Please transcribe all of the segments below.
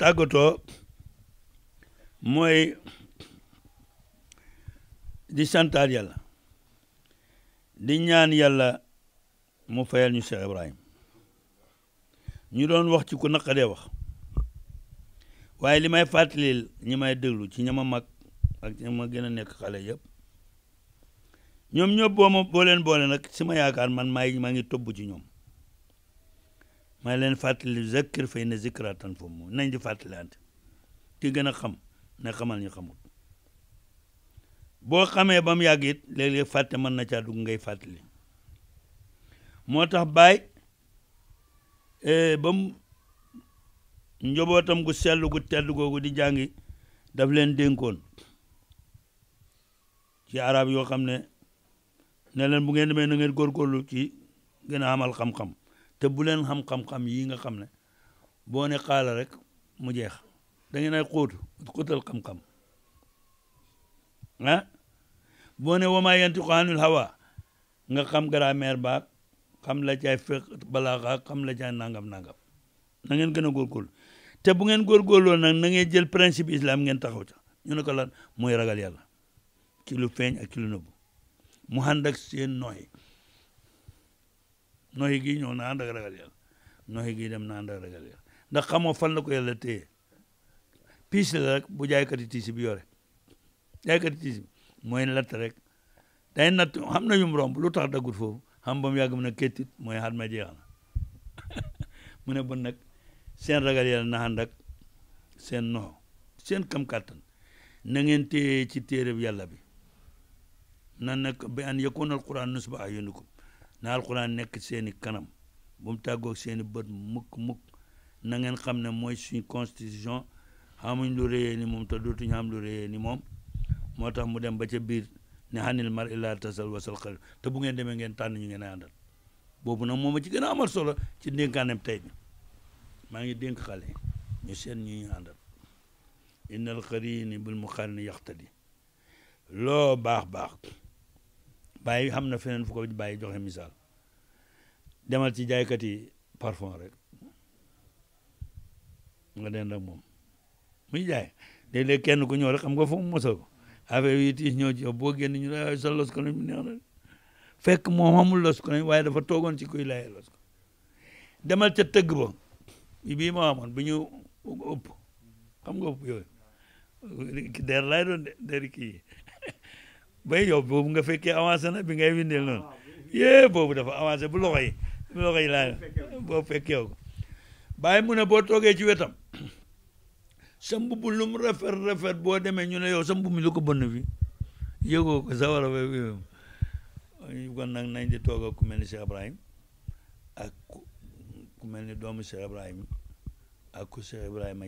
tàggatoo mooy di santaat yàlla di ñaan yàlla mu fayal ñu Cheikh Ibrahim ñu doon wax ci ku naqadee wax waaye li may fàttalil ñi may déglu ci ma mag ak ña ma gën a nekk xale yëpp ñoom ñëpp boo ma booleen boole nag si ma yaakaar man maay maa ngi tobb ci ñoom maa leen fàttali zakkir fa inna zikraa tanfa'u nañ di fàttalante ki gën a xam na xamal ñu xamul boo xamee ba mu yàgg it léeg-léeg fàtte mën na caa dugg ngay fàttali moo tax baay e, ba mu njobootam gu sell gu tedd googu di jàngi daf leen dénkoon ci arab yoo xam ne ne leen bu ngeen demee na ngeen góorgóorlu ci gën a amal xam-xam te bu leen xam xam-xam nga xam ne boo ne xaala rek mu jeex da ngeen ay xóotu xóotal xam-xam ah boo ne wamaa yantiqu anil hawa nga xam grammaire baag xam la caay fekk balaa xam la caay nangam-nangam na ngeen gën a góorgóorlu te bu ngeen góorgóorloo nag na ngeen jël principe islam ngeen taxaw ca ñu ne ko lan mooy ragal yàlla ci lu feeñ ak ci nëbbu mu ànd seen nooy noxi gi ñëw na ànd ragal yàlla noxi gi dem na ànd ak ragal yàlla ndax xamoo fan la ko yàlla téye piis rek bu jaaykati tiisi bi yore jaaykati tiisi mooy latt rek day natt xam na yum romb lu tax daggut foofu xam ba mu yàgg mu kettit mooy xaat ma jeex na mu ne bon seen ragal yàlla na seen noxo seen kam-kàttan na ngeen téye ci téereb yàlla bi na nag bi an yakuna alquran nusba ayunikum na alxuraan nekk seeni kanam bu mu tàggoog seeni bët mukk mukk na ngeen xam ne mooy suñ constitution xamuñ lu réyee ni moom te dootuñ xam lu réyee ni moom moo tax mu dem ba ca biir ne xanil mar illa tasal wasal xal te bu ngeen demee ngeen tànn ñu ngeen àndal boobu nag moom a ci gën a amal solo ci dénkaanem tey bi maa ngi dénk xale ñu seen ñu ñu àndal innal xarini bil mu xarini yaxtadi loo baax baax bàyyi xam na feneen fu ko bàyyi joxe misaal demal ci jaaykat yi parfum rek nga den ak moom muy jaay léeg-léeg kenn ku ñëw rek xam nga fu mu mosal ko affaire yi tiis ñëw ci yow boo génn ñu ne ah, sa los ko nañ neex na fekk moom amul los ko nañ waaye dafa toogoon ci kuy laye los ko demal ca tëgg ba bii ma amoon bi ñu ëpp xam nga ëpp yooyu der laay doon der kii bay yow boobu nga fekkee avancé na bi ngay windeel noonu yée boobu dafa avancé bu loxo yi bu loxo yi laa boobu fekkee ko bàyyi mu ne boo toogee ci wetam sa mbubb lu mu rafet boo demee ñu ne yow sa mbubb mi lu ko bënn fi yëgoo ko sa war a kon nag nañ di toog ku mel ni Cheikh ak ku mel ni doomu Cheikh Ibrahim ak ku Cheikh Ibrahima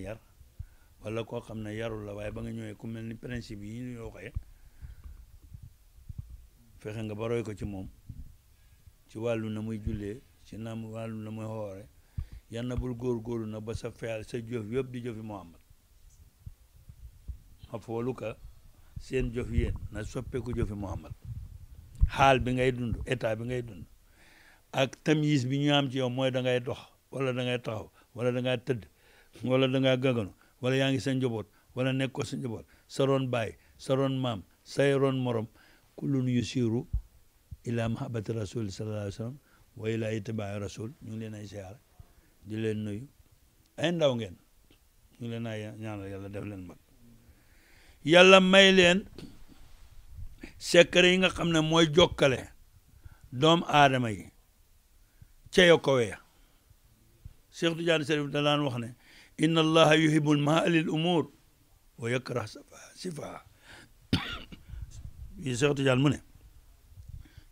koo xam ne yarul la waaye ba nga ñëwee ku mel ni principe yi ñu waxee fexe nga ba ko ci moom ci wàllu na muy jullee ci na wàllu na muy xoore yal na bul góor-góorlu na ba sa feyal sa jëf yëpp di jëfi Muhammad ma foolu ka seen jëf yéen na soppeeku jëfi Muhammad xaal bi ngay dund état bi ngay dund ak tamise bi ñu am ci yow mooy da ngay dox wala da ngay taxaw wala da ngay tëdd wala da ngaa gaganu wala yaa ngi sa njaboot wala nekk ko sa njaboot baay sa roon maam say roon morom kullun yusiru ila mahabati rasul sallallahu alayhi wa rasul ñu ngi leen ay siyaare di leen nuyu ay ndaw ngeen ñu leen ay ñaanal yàlla def leen mag yàlla may leen secret yi nga xam ne mooy jokkale doom aadama yi ceyo koweya Cheikh Tidiane Chérif da daan wax ne inna allaha yuhibbul mahalil umur wa yakrah sifaha yi Seex Tijaan mu ne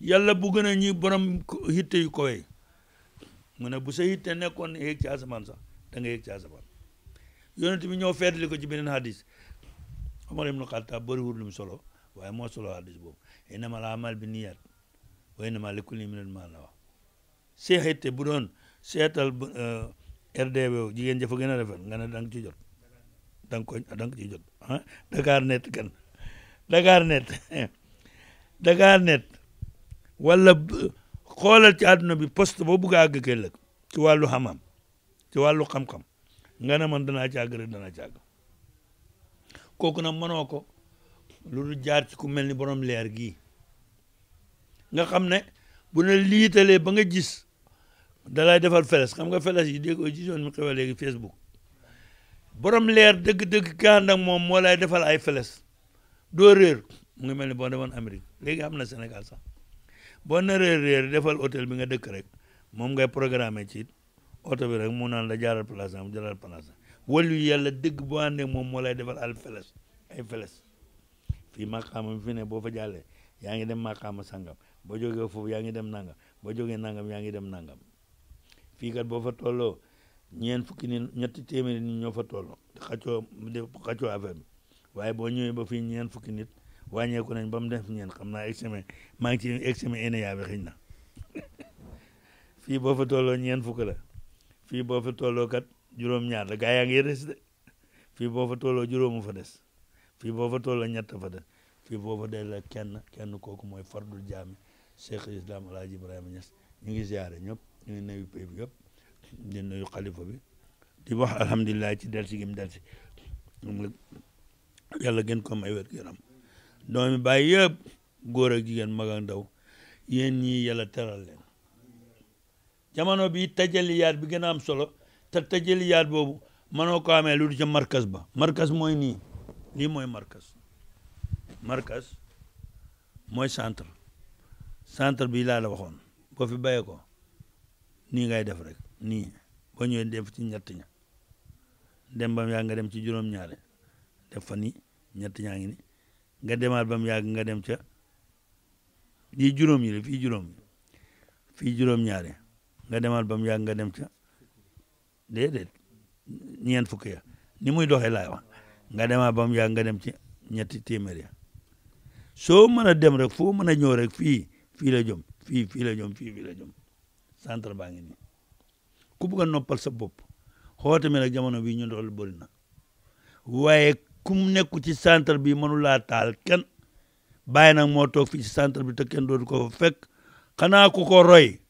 yàlla bu gën a ñi borom hitte yu kowee mu ne bu sa hitte nekkoon yéeg ci asamaan sax da nga yéeg ci asamaan yonent bi ñoo feetli ko ci beneen hadis Omar ibnu Xattaab bëriwul lu mu solo waaye moo solo hadis boobu innamal a'maalu binniyaat wa innamaa likulli imri'in maa nawaa see hitte bu doon seetal eh, RDW jigéen jafa gën a rafet nga ne da nga ci jot da ko da nga ko jot ah Dakar net kan Dakar net net wala xoolal ci àdduna bi poste boo bugg a àgg ëllëg ci wàllu xam-xam ci wàllu xam-xam nga ne man danaa ci àgg rek danaa ci àgg kooku nag mënoo ko lu dul jaar ci ku mel ni borom leer gii nga xam ne bu ne liitalee ba nga gis dalay defal feles xam nga feles yi dégg ko ci zone mi xewa léegi Facebook borom leer dëgg-dëgg kaandak moom moo lay defal ay feles doo réer mu ngi mel ni boo demoon Amérique léegi am na Sénégal sax boo naree réer defal hôtel bi nga dëkk rek moom ngay programmer ci oto bi rek mu naan la jaaral place am jaaral place am wàllu yàlla dëgg boo àndee moom moo lay defal al feles ay feles fii maqaama fi ne boo fa jàllee yaa ngi dem maqaama sangam boo jógee foofu yaa ngi dem nangam boo jógee nangam yaa ngi dem nangam fii kat boo fa tolloo ñeent fukki ni ñetti téeméeri nit ñoo fa tolloo xaccoo xaccoo affaire bi waaye boo ñëwee ba fii ñeen fukki nit wàññeeku nañ ba mu def ñeen xam naa examen maa ngi ci examen ENEA bi xëy na fii boo fa tolloo ñeen fukk la fii boo fa tolloo kat juróom-ñaar la gaa yaa de fii boo fa tolloo juróomu fa des fii boo fa tolloo ñett fa des fii boo fa des la kenn kenn kooku mooy fardul jaami Cheikh Islam El Hadj Ibrahima Niass ñu ngi ziare ñëpp ñu ngi nuyu pays bi yëpp di xalifa bi di wax alhamdulilah ci delsi gi mu delsi yàlla gën ko may wér gu yaram doomi baay yëpp góor gi jigéen mag daw ndaw yéen ñii yàlla teral leen jamono bi tajaliyaat bi gën a am solo te tajaliyaat boobu mënoo ko amee lu du ca markas ba markas mooy nii lii mooy markas markas mooy centre centre bi laa la waxoon boo fi bayee ko nii ngay def rek nii boo ñëwee def ci ñett ña dem ba yaa nga dem ci juróom-ñaare def ñett ñaa ngi nga demaal ba mu yàgg nga dem ca yi juróom yi la fii juróom fii juróom nga demaal ba mu yàgg nga dem ca déedéet ñeent fukk ya ni muy doxee laay wax nga demaal ba mu yàgg nga dem ci ñetti téeméer ya soo mën a dem rek foo mën a ñëw rek fii fii la jom fii fii la jëm la jëm centre baa ngi nii ku bëgg a noppal sa bopp xoote mi nag jamono bii ñu dool na ku mu nekku ci centre bi mënulaa taal kenn bàyyi nag moo toog fii ci centre bi te kenn dootu ko fa fekk xanaa ku ko roy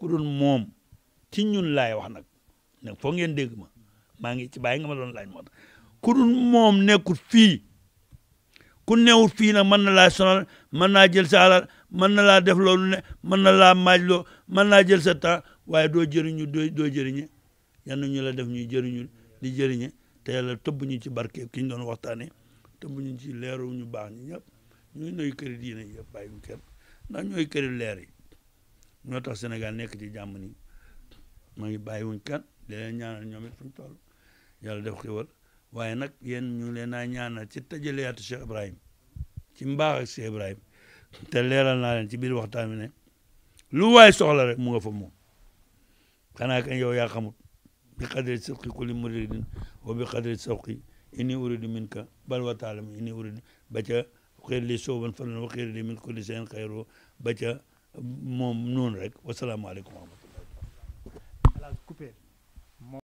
ku moom ci ñun laay wax nag ne foo ngeen dégg ma maa ngi ci bàyyi nga ma doon laaj moo tax ku dul moom nekkul fii ku newut fii nag mën na laa sonal mën naa jël sa alal mën na laa def loolu ne mën na laa maaj loo mën naa jël sa temps waaye doo jëriñu doo doo jëriñe yal na ñu la def ñuy jëriñu di jëriñe teela tëbb ñu ci barke ki ñu doon waxtaane tëbb ñu ci leeru ñu baax ñi ñëpp ñuy noy këri diine yëpp bàyyiwuñ kenn ndax ñooy këri leer yi ñoo tax Sénégal nekk ci jàmm ni maa ngi bàyyiwuñ kenn di leen ñaanal ñoom it fu ñu toll yàlla def xiwal waaye nag yéen ñu leen naa ñaanal ci tëjaleyaatu Cheikh Ibrahim ci mbaax ak Ibrahim te leeral naa leen ci biir waxtaan bi ne lu waay soxla rek mu nga fa moom xanaa kañ yow yaa xamut bi qadri sidqi kulli muridin wa bi qadri sawqi inni uridu minka bal wa taalam inni uridu ba ca xëy li sooban fan wa xëy li min kulli seen xayroo ba ca moom noonu rek wasalaamaaleykum wa rahmatullah